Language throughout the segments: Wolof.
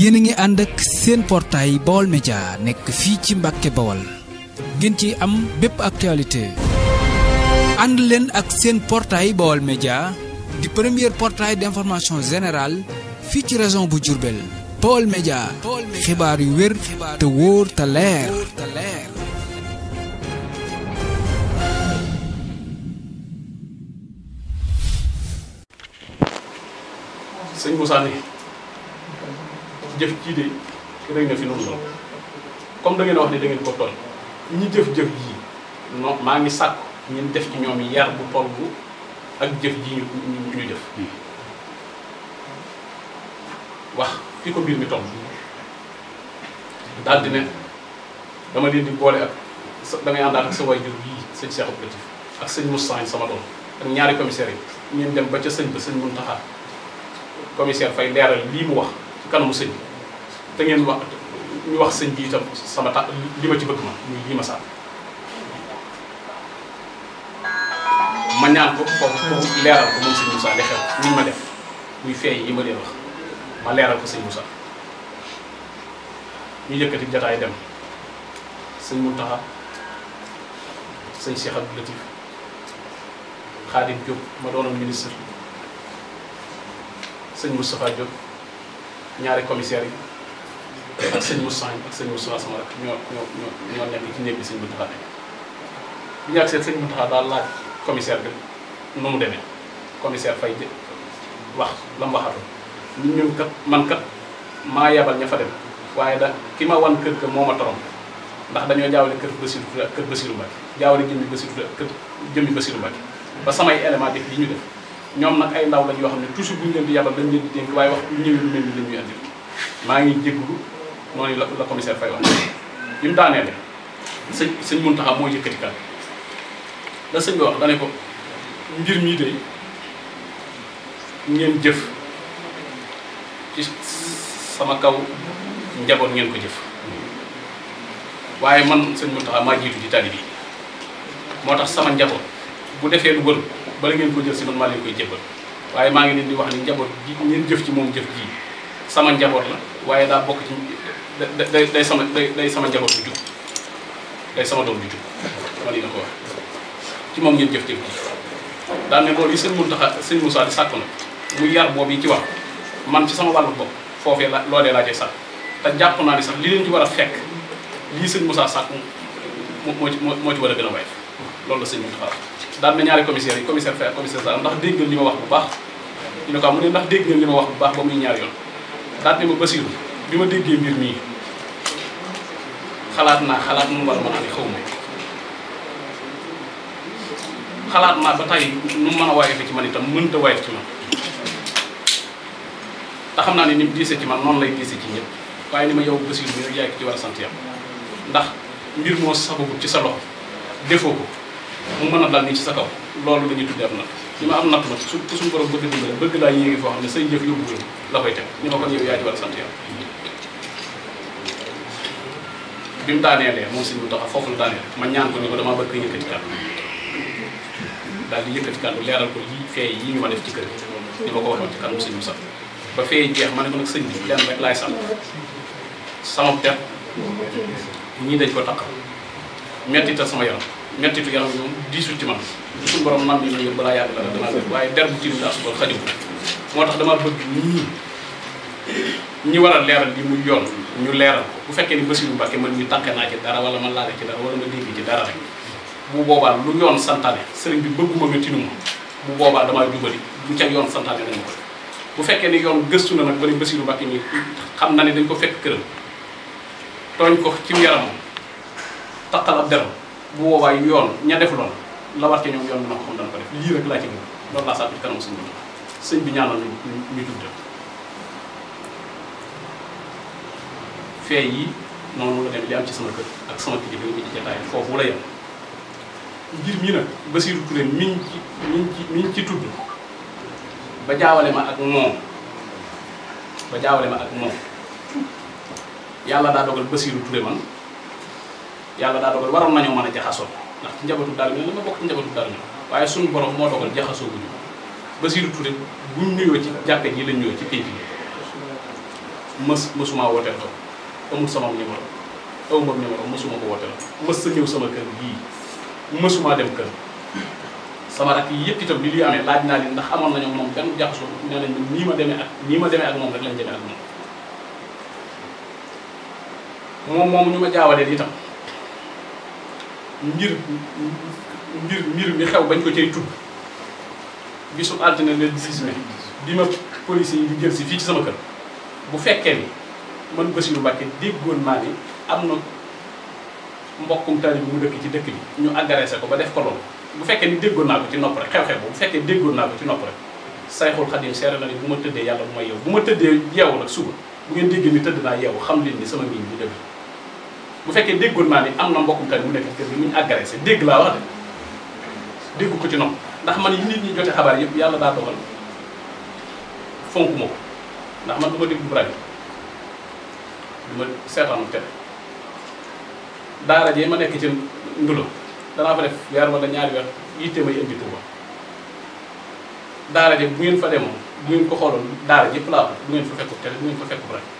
yéen a ngi ànd ak seen portail Baol Média nekk fii ci Mbàkke Baol ngeen ci am bépp actualité ànd leen ak seen portail Baol Média di premier portail d'information général fii ci région bu Diourbel Baol Média xibaar yu wér te wóor te leer jëf jii de rëy na fi noonu la comme da wax ne da ko tooñ ñi jëf-jëf jii non maa ngi sàkk ñun def ci ñoom yar bu toll ak jëf ji ñu ñu ñu def hmm. wax fi ko mbir mi toll daal ne dama leen di boole ak sa da ngay àndaat ak sa waajur yii sëñ Cheikh Abdou Latif ak sëñ sama doom ak ñaari commissaire yi. ñeen dem ba ca sëñ ba sëñ Mountakha commissaire fay leeral lii mu wax. kanamu sëñ bi te ngeen wax ñu wax sëñ bi itam sama ta li ma ci bëgg ma muy lii ma sànn ma ñaan ko foofu pour leeral ko moom sëñ Moussa li xew ma def muy feey yi ma leen wax ma leeral ko sëñ Moussa ñu yëkkati jataay dem sëñ Mountakha sëñ Cheikh Abdou Latif Khadim Diop ma doonoon ministre sëñ Moustapha Diop ñaari commissaire yi ak seigne Moussa ak seigne Moussa sama rek ñoo ñoo ñoo nekk ci néeg bi sëñ Mountakha nekk bi ñu agsee sëñ Mountakha daal laaj commissaire bi nu mu demee commissaire fay jë wax la mu waxatu ñun kat man kat maa yabal ña fa dem waaye da ki ma wan kër ga moo ma torom ndax dañoo jaawale kër Bassirou kër Bassirou Mbacké jaawale jëmmi Bassirou kër jëmmi Bassirou ba samay élément def yi ñu def ñoom nag ay ndaw lañ yoo xam ne toujours bu ñu leen di yàlla dañ leen di dénk waaye wax bu ñëwee lu mel ni maa ngi jégalu noonu la la commissaire Faye wax bi mu daanee de sëñ sëñ Mountakha moo yëkkati kan la sëñ bi wax dane ko mbir de ngeen jëf sama kaw njaboot ngeen ko jëf waaye man sëñ Mountakha maa jiitu ci tali bi moo tax sama njaboot bu defee lu wër bala ngeen ko jël si man ma leen koy jëbbal waaye maa ngi leen di wax ni njaboot gi ngeen jëf ci moom jëf ji sama njaboot la waaye daa bokk ci day day sama day day sama njaboot bu jub day sama doom bu jub dama leen ko wax ci moom ngeen jëf jëf ji daal ne loolu yi sëñ taxa sëñ Moussa di sàkku na muy yar boobu yi ci wax man ci sama wàllu bopp foofee la loolee laa cay sàkk te jàpp naa ni sax li leen ci war a fekk lii sëñ Moussa sàkku moo ci moo ci war a gën a loolu la sëñ bi xaar daan na ñaari commissaire yi commissaire Faye ak commissaire Sall ndax dégg ngeen li ma wax bu baax ñu ne ko mu ne ndax dégg ngeen li ma wax bu baax ba muy ñaari yoon daan ma Basiru bi ma déggee mbir mii xalaat naa xalaat mu war ma naa ne ba tey nu mën a waayefe ci man itam mënta waayef ci man te naa ni mu diise ci man noonu lay diise ci ñëpp waaye ni ma yow Basiru mi rek yaay ko ci war a sant ndax mbir moo sababu ci sa loxo defoo ko mu mën a dal nii ci sa kaw loolu la ñuy tuddee am natt ñi ma am natt ma su suñu borom bëgg dimbale bëgg laa yéegi foo xam ne say jëf yóbbu la la koy teg ñu ma kon yow yaa ci war a sant yàlla bi mu daaneelee ma ñaan ko ni ko damaa bëgg nga yëkkati kàddu daal di yëkkati kàddu leeral ko yi fee yi ñu ma def ci kër gi ni ma ko waxoon ci kàddu sëñ bu sax ba fee jeex ma ne ko nag sëñ bi lenn rek laay sant sama pet ñii dañ ko takkal mettital sama yaram mettitu yaram bi moom diisul ci man suñu borom man dina ñëw balaa yàgg dara danaa def waaye der bu tiim boo subal xajibu moo tax damaa bëgg ñii ñi war a leeral li muy yoon ñu leeral bu fekkee ni Basiru Mbàkke man ñu tànke naa ci wala ma laale ci dara wala ma dégg ci dara rek bu boobaa lu yoon santaane sëriñ bi bëgguma bu boobaa damaa jubali bu ca yoon santaane nañu ko bu fekkee ni yoon gëstu na nag ba ni Basiru Mbàkke mi xam na ne dañ ko fekk këram tooñ ko ci yaramam taqal ab deram bu boobaa yoon ña def lool la war ca ñoom yoon dina ko xam dana ko def lii rek laa ci gën loolu laa sàkku ci kanam sëñ bi sëñ bi ñaanal ñu ñu fee yi noonu la dem li am ci sama kër ak sama kilifa yi ñu ci jotaay foofu la yem ngir mii nag Basiiru Ture miñ ci ci miñ ci tudd ba jaawale ma ak moom ba jaawale ma ak moom yàlla daa dogal Basiiru Ture man yàlla daa dogal waroon nañoo mën a jaxasoo ndax ci njabootu daal mi ma bokk ci njabootu daal mi waaye suñu borom moo dogal jaxasoo bu ñu Basiiru Ture buñ ci jàkka ji lañ nuyoo ci pénc bi mësuma wooteel doom sama numéro aw ma numéro mësuma ko wooteel sama kër gii mësuma dem kër sama rakk yi yëpp itam li li amee laaj naa leen ndax amoon nañu moom benn jaxasoo nee nañ nii ma demee ak nii ma demee ak moom rek lañ demee ak moom moom moom ñu ma jaawalee itam ngir ngir mbir mi xew bañ ko cay tudd bisu altine le 10 mai bi ma police yi jël si fii ci sama kër bu fekkee ni man Bassirou Mbacké déggoon maa ni am na mbokkum taalibe mu dëkk ci dëkk bi ñu agressé ko ba def ko loolu bu fekkee ni déggoon naa ko ci nopp rek xew-xew bu fekkee déggoon naa ko ci nopp rek sayxul xadim seere na ni bu ma tëddee yàlla bu may yow bu ma tëddee yeewu nag suba bu ngeen déggee ni tëdd naa yeewu xam leen ni sama miñ bi dëgg bu fekkee déggoon naa ni am na mbokkum tali mu nekk kër gi mu ñu agressé dégg laa wax de dégg ko ci noonu ndax man yi nit ñi jote xabaar yëpp yàlla daa dogal fonk ma ko ndax man du ma déglu rajo du seetaanu télé daara jee ma nekk ci ndulo danaa fa def weer wala ñaari weer yitte may indi Tuuba daara je bu ngeen fa demoon bu ngeen ko xooloon daara yëpp laa wax bu ngeen fa fekku télé bu ngeen fa fekku rajo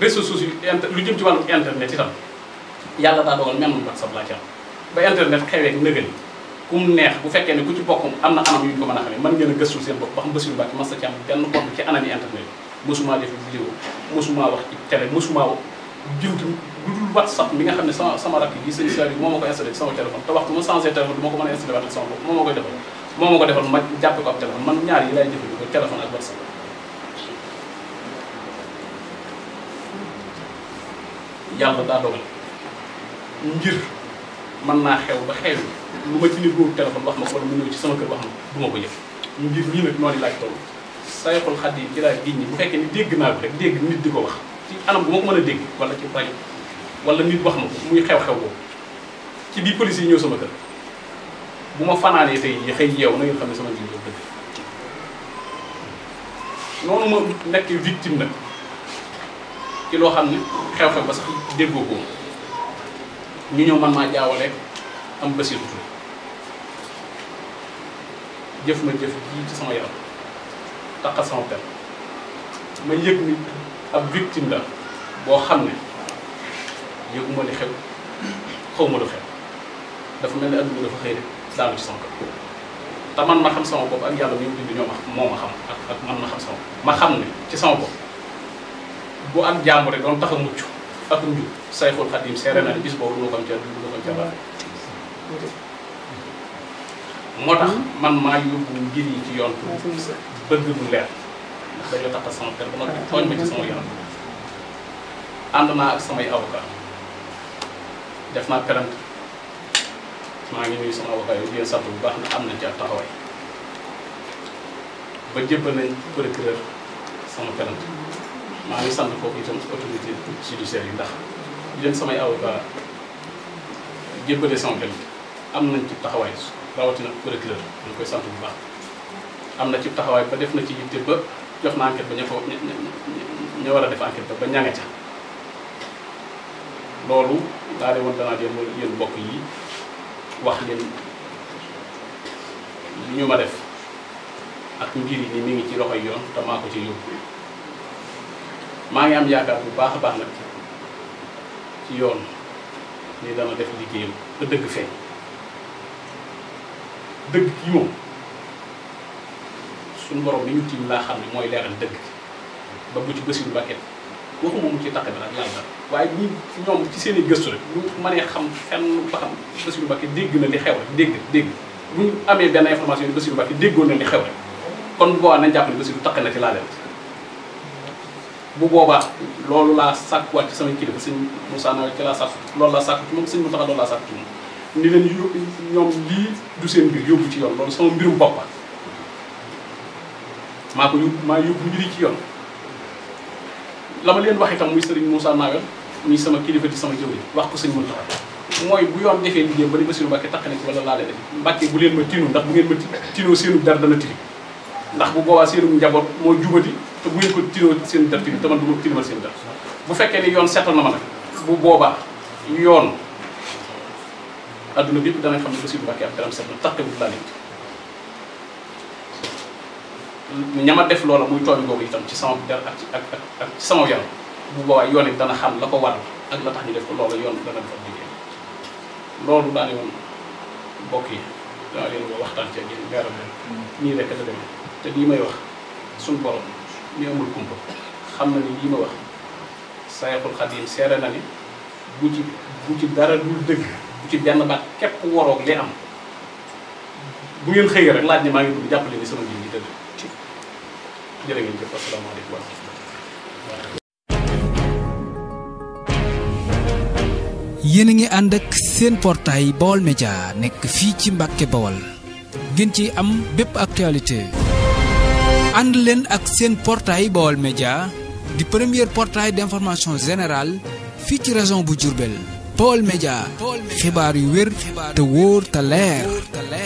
réseaux sociaux lu jëm ci wàllu internet itam yàlla daa dogal mel na WhatsApp laa ci bu fekkee ne ci bokk am na anam yu ñu ko mën seen bopp ba xam Bassirou Mbacké mas ci am benn compte ci anami internet yi mosumaa def vidéo mosumaa wax ci télé mosumaa jiwtu lu ma ko te waxtu ma changé a defal ma ko ko ab téléphone man ñaar yi lay jëfandikoo téléphone ak WhatsApp yàlla daa dogal ngir mën naa xew ba xew lu ma ci nit boobu téléphone wax ma ko wala mu ñëw ci sama ma du ko yëg ngir lii nag noonu laa giñ ñi bu fekkee ni dégg naa ko rek di ko wax ci anam bu ma ko a dégg wala ci rajo wala nit wax ma ko xew-xew boobu ci biir sama kër ma fanaanee tey yi na ngeen xam ne sama nji boobu dëgg ci loo xam ne xew xew ba sax déggoo ko ñu ñëw man maa jaawale am Bassirou Touré jëf ma jëf ji ci sama yaram taqa sama pen ma yëg ni ab victime la boo xam ne yëguma li xew xaw ma lu xew dafa mel ni adduna dafa xëy rek daanu ci sama kaw te man ma xam sama bopp ak yàlla mi ngi bind ñoo ma moo ma xam ak ak man ma xam sama ma xam ne ci sama bopp bu am jàmm rek doon tax a mucc ak njub sayxul xadim seere na bis boobu du ko am ca du ko am ca baax moo tax man maa yóbbu ngir yi ci yoon bëgg mu leer ndax dañoo tax sama kër dama naa ak samay maa ngi nuyu sama avocat yooyu yéen sant bu baax na am na ci ak taxawaay ba jébbal nañ procureur sama plainte maa ngi sant foofu si autorité judiciaire yi ndax di leen samay avocat jébbale sama benn am nañ ci taxawaay rawatina procureur ñu koy sant bu baax na ci taxawaay ba def na ci yitte ba jox na enquête ba ña ko ña war a def enquête ba ba ña nga ca loolu daa de woon danaa dem yéen mbokk yi wax leen ñu ma def ak mbir yi ni mi ngi ci loxoy yoon te ci yóbbu maa ngi am yaakaar bu baax a baax nag ci yoon ni dana def liggéey ba dëgg feeñ dëgg ki moom suñu borom li ñu tiim laa xam ne mooy leeral dëgg ba bu ci Bassirou Mbacké waxuma mu ci taq bi nag yàlla waaye ñi ñoom ci seen i gëstu rek ñu mënee xam fenn ba xam Bassirou Mbacké dégg na li xew rek dégg dégg bu ñu amee benn information yi Bassirou déggoon na li xew rek kon bu boobaa nañ jàpp ne Bassirou taq na ci laa leen bu boobaa loolu laa sàkkuwaat ci sama kilifa sëñ Moussa Nawel ci la sàkku lolou la sàkku ci moom sëñ Moussa loolu laa sàkku ni len yóbbu ñoom lii du seen bir yóbbu ci yoon lolou sama mbirum boppa ma ko yóbbu maa yóbbu mbiri ci yoon lama len leen wax itam muy sëriñ Moussa Nawel ni sama kilifa ci sama jëwri wax ko sëñ Moussa moy bu yoon defé liggéey ba ni ma sunu bakki na ci wala la leen def bu len ma tinu ndax bu ngeen ma tinu seenu dara dana tiri ndax bu boobaa seenum njaboot moo jubati te bu ngeen ko tinoo seen dër tamit dama duma tilimal seen dër bu fekkee ni yoon seetal na ma nag bu boobaa yoon àdduna bépp danañ xam ne Basiru Mbàkke ab garam set na taqewut laa nit ñama def loola muy tooñ googu itam ci sama der ak ak ak sama yaram bu boobaa yoon it dana xam la ko ak la tax ñu def ko loola yoon dana def ak liggéey loolu daa leen ci mm. rek la demee te lii may wax sun borom ni amul kumpa xam na ni lii ma wax sayyidul xadim sere na ni bu ci bu ci dara dul deug bu ci ben bat kep worok li am bu ngeen xey rek laaj ni ma ngi dugg jàppale ni sama jëm ji tëdd jere ngeen jëf assalamu alaykum rahmatulah yéen ngi ànd ak seen portail Baol media nekk fii ci Mbàkke Bawol gën ci am bépp actualité ànd leen ak seen portail Baol Média di premier portail d'information générale fii ci région bu Diourbel Baol Média xibaar yu wér te wóor te leer